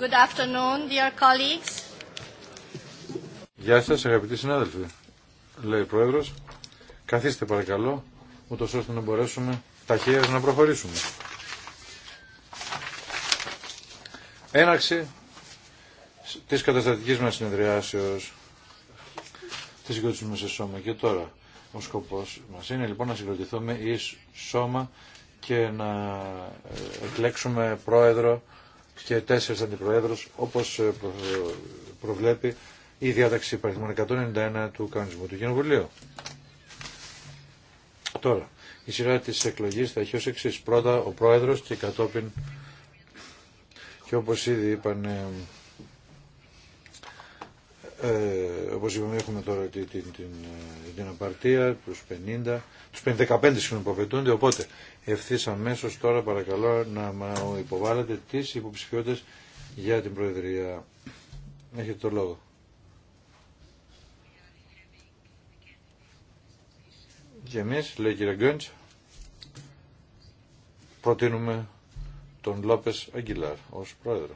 Good afternoon, dear colleagues. Γεια σας αγαπητοί συνάδελφοι, λέει ο Πρόεδρος. Καθίστε παρακαλώ, ούτως ώστε να μπορέσουμε ταχαίως να προχωρήσουμε. Έναρξη της καταστατικής μας συνεδριάσεως της συγκρότησης σε σώμα και τώρα ο σκοπός μας είναι λοιπόν να συγκροτηθούμε εις σώμα και να ε, εκλέξουμε πρόεδρο και τέσσερις αντιπροέδρου, όπως ε, ε, προβλέπει η διάταξη παριθμών 191 του κανονισμού του Κοινοβουλίου. Τώρα, η σειρά της εκλογής θα έχει ω εξή. Πρώτα ο πρόεδρος και κατόπιν και όπως ήδη είπαν ε, ε, όπως είπαμε έχουμε τώρα την, την, ε, την, απαρτία, τους 50, τους 15 συγγνώμη που απαιτούνται, οπότε ευθύς αμέσως τώρα παρακαλώ να μα υποβάλλετε τις υποψηφιότητες για την Προεδρία. Έχετε το λόγο. Και εμείς, λέει η κυρία προτείνουμε τον Λόπες Αγγιλάρ ως Πρόεδρο.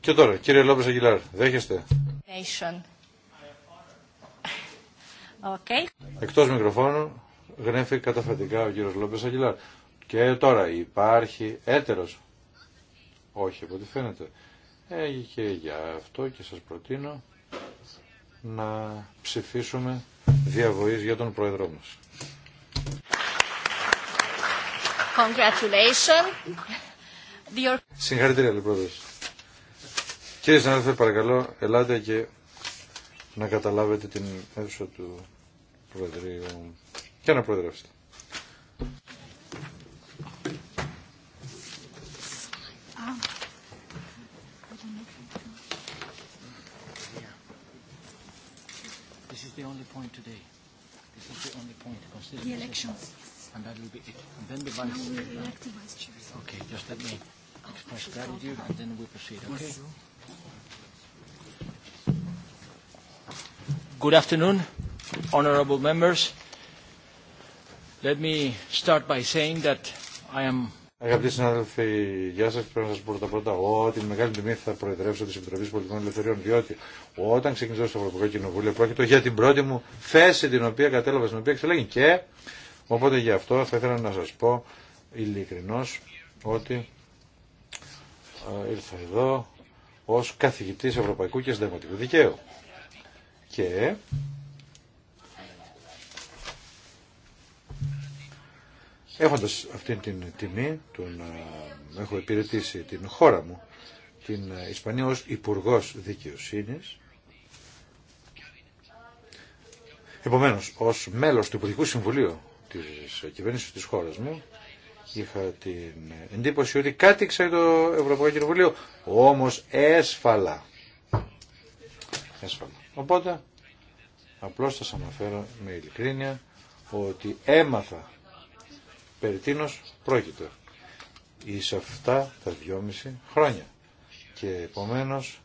Και τώρα, κύριε Λόπες Αγγιλάρ, δέχεστε. Okay. Εκτός μικροφώνου, γνέφει καταφατικά ο κύριος Λόπες Αγγιλάρ. Και τώρα, υπάρχει έτερος. Όχι, από ό,τι φαίνεται. Ε, και για αυτό και σας προτείνω να ψηφίσουμε διαβοής για τον Πρόεδρό μας. Congratulations. Συγχαρητήρια, λοιπόν, Κύριε συνάδελφε, παρακαλώ, ελάτε και να καταλάβετε την αίθουσα του Προεδρείου και να προεδρεύσετε. the only point today. This is the only point. Consider the elections. And that will be it. And then the vice. Now we elect the vice chair. Okay, just let me express gratitude and then we proceed. Okay. Good afternoon, honorable members. Let me start by saying that I am... Αγαπητοί συνάδελφοι, γεια σα. Πρέπει να σα πω πρώτα πρώτα ότι με μεγάλη τιμή θα προεδρεύσω τη Επιτροπή Πολιτικών Ελευθεριών, διότι όταν ξεκινήσω στο Ευρωπαϊκό Κοινοβούλιο πρόκειται για την πρώτη μου θέση την οποία κατέλαβα, στην οποία εξελέγει και οπότε γι' αυτό θα ήθελα να σα πω ειλικρινώ ότι ε, ήρθα εδώ ω καθηγητή Ευρωπαϊκού και Συνταγματικού Δικαίου και έχοντας αυτή την τιμή τον να έχω υπηρετήσει την χώρα μου, την Ισπανία ως Υπουργός Δικαιοσύνης, Επομένως, ως μέλος του Υπουργικού Συμβουλίου της κυβέρνησης της χώρας μου, είχα την εντύπωση ότι κάτι ξέρει το Ευρωπαϊκό Κοινοβουλίο, όμως έσφαλα. Έσφαλα. Οπότε, απλώς θα σας αναφέρω με ειλικρίνεια ότι έμαθα περί τίνος πρόκειται εις αυτά τα δυόμιση χρόνια. Και επομένως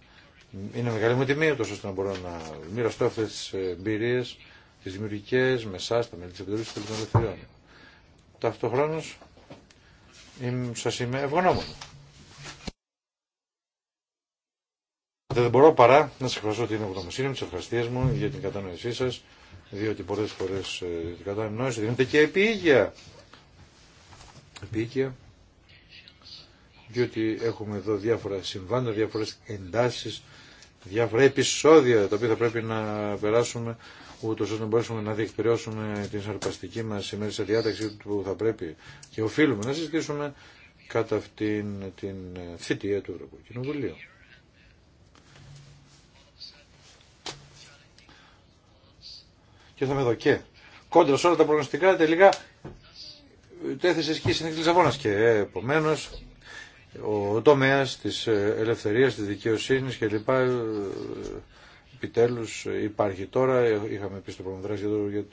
είναι μεγάλη μου τιμή τόσο ώστε να μπορώ να μοιραστώ αυτές τις εμπειρίε, τις δημιουργικές, με εσάς, τα μέλη της Επιτροπής των Ελευθεριών. Ταυτοχρόνως σας είμαι ευγνώμων δεν μπορώ παρά να σα ευχαριστώ την ευγνωμοσύνη μου, τι ευχαριστίε μου για την κατανόησή σα, διότι πολλέ φορέ ε, την κατανόηση δίνεται και επίγεια. Επίγεια. διότι έχουμε εδώ διάφορα συμβάντα, διάφορε εντάσει, διάφορα επεισόδια τα οποία θα πρέπει να περάσουμε ούτω ώστε να μπορέσουμε να διεκπαιρεώσουμε την σαρπαστική μα ημέρη σε διάταξη που θα πρέπει και οφείλουμε να συζητήσουμε κατά αυτήν την θητεία του Ευρωπαϊκού Κοινοβουλίου. Και θα με δω και. Κόντρα σε όλα τα προγνωστικά τελικά τέθησε σκίση η συνθήκη Και επομένω ο τομέα τη ε, ελευθερία, τη δικαιοσύνη κλπ. Ε, Επιτέλου ε, υπάρχει τώρα. Είχαμε πει στο προγραμματάκι για, για,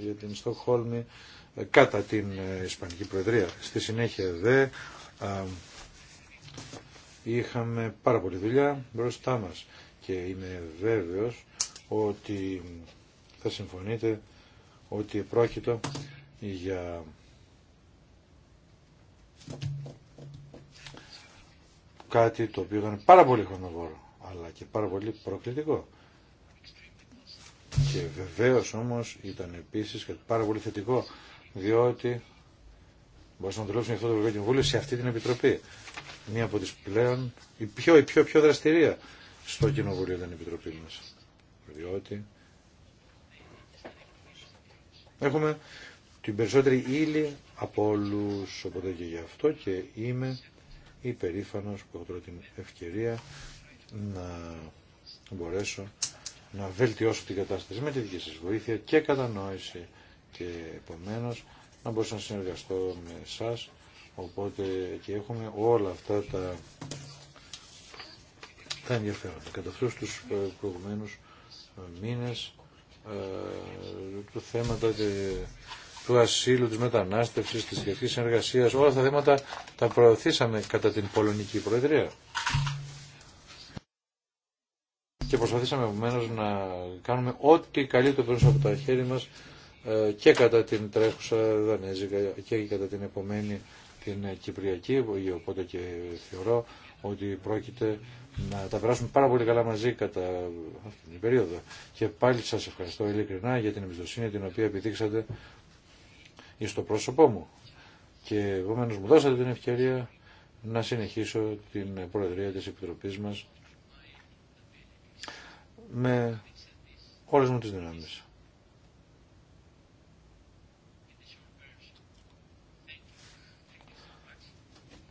για την Στοχόλμη κατά την Ισπανική Προεδρία. Στη συνέχεια δε είχαμε πάρα πολλή δουλειά μπροστά μας και είμαι βέβαιος ότι θα συμφωνείτε ότι πρόκειτο για κάτι το οποίο ήταν πάρα πολύ χρονοβόρο αλλά και πάρα πολύ προκλητικό. Και βεβαίως όμως ήταν επίσης και πάρα πολύ θετικό διότι μπορούσαμε να δουλέψουμε αυτό το Ευρωπαϊκό Κοινοβούλιο σε αυτή την Επιτροπή. Μία από τις πλέον, η πιο, η πιο, πιο δραστηρία στο Κοινοβούλιο ήταν η Επιτροπή μας. Διότι Έχουμε την περισσότερη ύλη από όλου. Οπότε και γι' αυτό και είμαι υπερήφανο που έχω την ευκαιρία να μπορέσω να βελτιώσω την κατάσταση με τη δική σα βοήθεια και κατανόηση και επομένω να μπορέσω να συνεργαστώ με εσά. οπότε και έχουμε όλα αυτά τα, τα ενδιαφέροντα κατά αυτού τους ε, προηγουμένους ε, μήνες ε, του θέματα του ασύλου, της μετανάστευσης, της σχετικής συνεργασίας, όλα αυτά τα θέματα τα προωθήσαμε κατά την Πολωνική Προεδρία. Και προσπαθήσαμε επομένω να κάνουμε ό,τι καλύτερο περνούσε από τα χέρια μας ε, και κατά την τρέχουσα Δανέζικα και κατά την επομένη την Κυπριακή, οπότε και θεωρώ ότι πρόκειται να τα περάσουμε πάρα πολύ καλά μαζί κατά αυτήν την περίοδο. Και πάλι σας ευχαριστώ ειλικρινά για την εμπιστοσύνη την οποία επιδείξατε εις το πρόσωπό μου. Και επομένως μου δώσατε την ευκαιρία να συνεχίσω την Προεδρία της Επιτροπής μας με όλες μου τις δυνάμεις.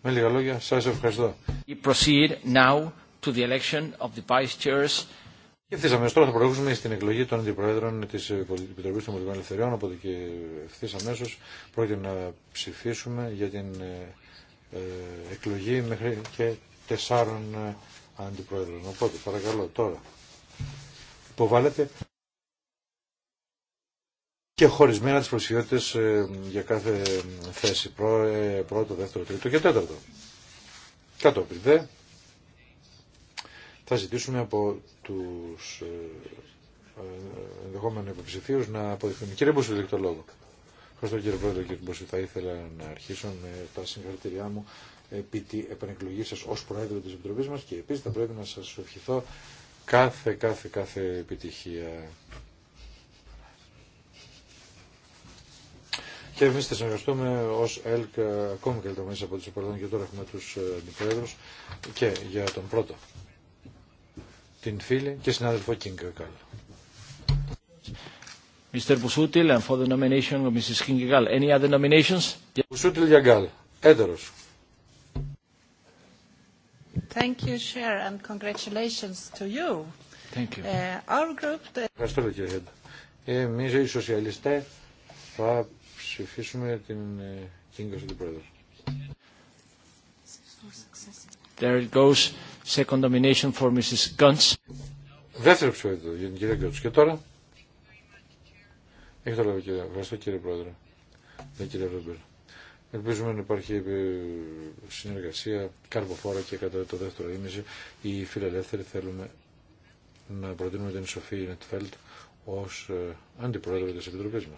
Με λίγα λόγια, σας ευχαριστώ. Proceed now to the election of the vice chairs. Και ευθύ αμέσω τώρα θα προχωρήσουμε στην εκλογή των αντιπροέδρων τη Επιτροπή των Πολιτικών Ελευθεριών. Οπότε και ευθύ αμέσω πρόκειται να ψηφίσουμε για την ε, ε, εκλογή μέχρι και τεσσάρων ε, αντιπροέδρων. Οπότε παρακαλώ τώρα υποβάλλετε και χωρισμένα τις προσφυγιότητες ε, για κάθε ε, θέση. Ε, πρώτο, δεύτερο, τρίτο και τέταρτο. Κατόπιν δε θα ζητήσουμε από τους ενδεχόμενου υποψηφίου να αποδειχθούν. Κύριε Μπούση, δείχνει το λόγο. Ευχαριστώ κύριε Πρόεδρε, κύριε Μπούση. Θα ήθελα να αρχίσω με τα συγχαρητήριά μου επί τη επανεκλογή σα ω Πρόεδρο τη Επιτροπή μα και επίση θα πρέπει να σα ευχηθώ κάθε, κάθε, κάθε επιτυχία. Και εμεί θα συνεργαστούμε ω ΕΛΚ ε, ακόμη καλύτερα μέσα από του υπερδόντε και τώρα έχουμε του ε, αντιπρόεδρου και για τον πρώτο. Την φίλη και συνάδελφο Κίνγκ Γκάλ. Mr. Busutil and for the nomination of Mrs. Kingigal. Any other nominations? Busutil Yagal, έτερος. Thank you, Chair, and congratulations to you. Thank you. Uh, our group... The... Ευχαριστώ, κύριε Χέντα. Εμείς οι σοσιαλιστές θα ψηφίσουμε την ε, κίνηση του Πρόεδρου. There it goes. Second nomination for Mrs. Guns. Δεύτερο ψηφοδέλτιο για την κυρία Γκότς. Και τώρα. Έχει το λόγο κύριε. Ευχαριστώ κύριε Πρόεδρε. Ναι κύριε Βέμπερ. Ελπίζουμε να υπάρχει ε, συνεργασία καρποφόρα και κατά το δεύτερο ήμιση. Οι φιλελεύθεροι θέλουμε να προτείνουμε την Σοφία Νετφέλτ ως ε, αντιπρόεδρο τη Επιτροπής μα.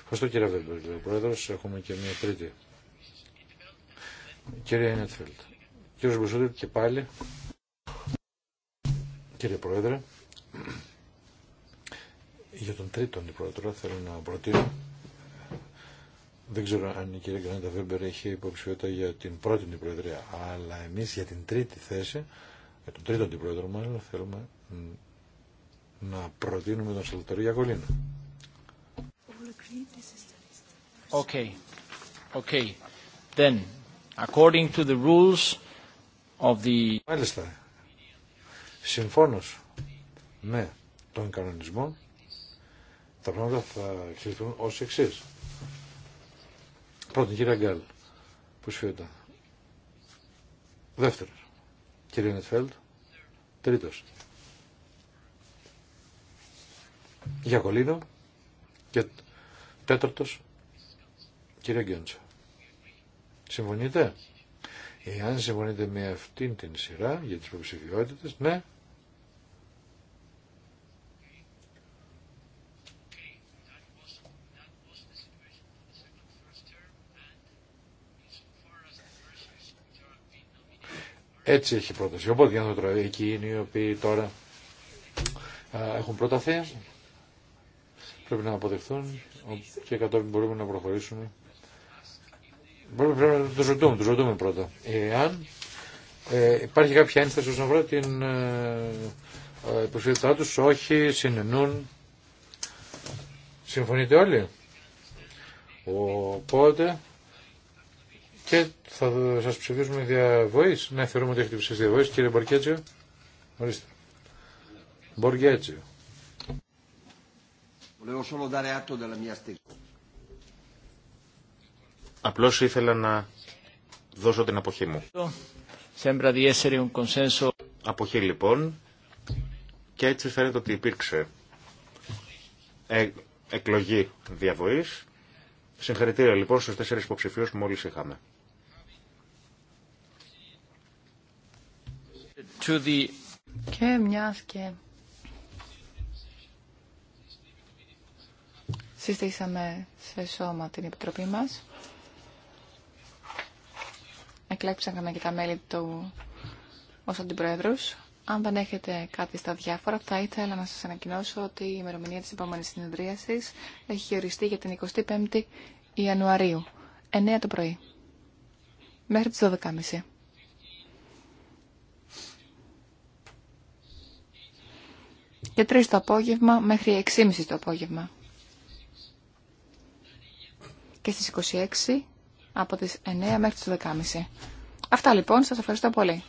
Ευχαριστώ κύριε Βέμπερ, κύριε Πρόεδρος. Έχουμε και μία τρίτη. Κύριε Ενέτφελτ, κύριος Μπουσούτη και πάλι. Κύριε Πρόεδρε, για τον τρίτο αντιπρόεδρο θέλω να προτείνω δεν ξέρω αν η κυρία Γκρανίτα Βέμπερ έχει υποψηφιότητα για την πρώτη την Προεδρία, αλλά εμείς για την τρίτη θέση, για τον τρίτο Αντιπρόεδρο μάλλον, θέλουμε να προτείνουμε τον Σαλτορία κολλήνα. Okay. Okay. Then, according to the rules of the... Μάλιστα. Συμφώνως με τον κανονισμό, τα πράγματα θα εξελιχθούν ως εξής. Πρώτον, κύριε Αγκάλ, που σφιόταν. Δεύτερος, κύριε Νετφέλτ. Τρίτος, Για Γιακολίδο και τέταρτος κύριε Γκιόντσα. Συμφωνείτε? Εάν συμφωνείτε με αυτήν την σειρά για τις υποψηφιότητες, ναι. Έτσι έχει πρόταση. Οπότε για να το εκεί είναι οι οποίοι τώρα α, έχουν προταθεί πρέπει να αποδεχθούν και κατόπιν μπορούμε να προχωρήσουμε. Μπορούμε πρέπει να το ρωτούμε, το ζητούμε πρώτα. Εάν ε, υπάρχει κάποια ένσταση να αφορά την ε, ε του, τους, όχι, συνενούν. Συμφωνείτε όλοι. Οπότε και θα σα ψηφίσουμε διαβοήση, Ναι, θεωρούμε ότι έχετε ψηφίσει διαβοή, Κύριε Μπορκέτσιο, ορίστε. Μπορκέτσιο. Απλώς ήθελα να δώσω την αποχή μου. Αποχή λοιπόν και έτσι φαίνεται ότι υπήρξε ε, εκλογή διαβοής. Συγχαρητήρια λοιπόν στους τέσσερις υποψηφίους που μόλις είχαμε. Και μιας και συστήσαμε σε σώμα την Επιτροπή μας. Εκλέξαμε και τα μέλη του ως αντιπρόεδρους. Αν δεν έχετε κάτι στα διάφορα, θα ήθελα να σας ανακοινώσω ότι η ημερομηνία της επόμενης συνεδρίασης έχει οριστεί για την 25η Ιανουαρίου, 9 το πρωί, μέχρι τις 12.30. Και 3 το απόγευμα μέχρι 6.30 το απόγευμα και στις 26 από τις 9 μέχρι τις 12.30. Αυτά λοιπόν, σας ευχαριστώ πολύ.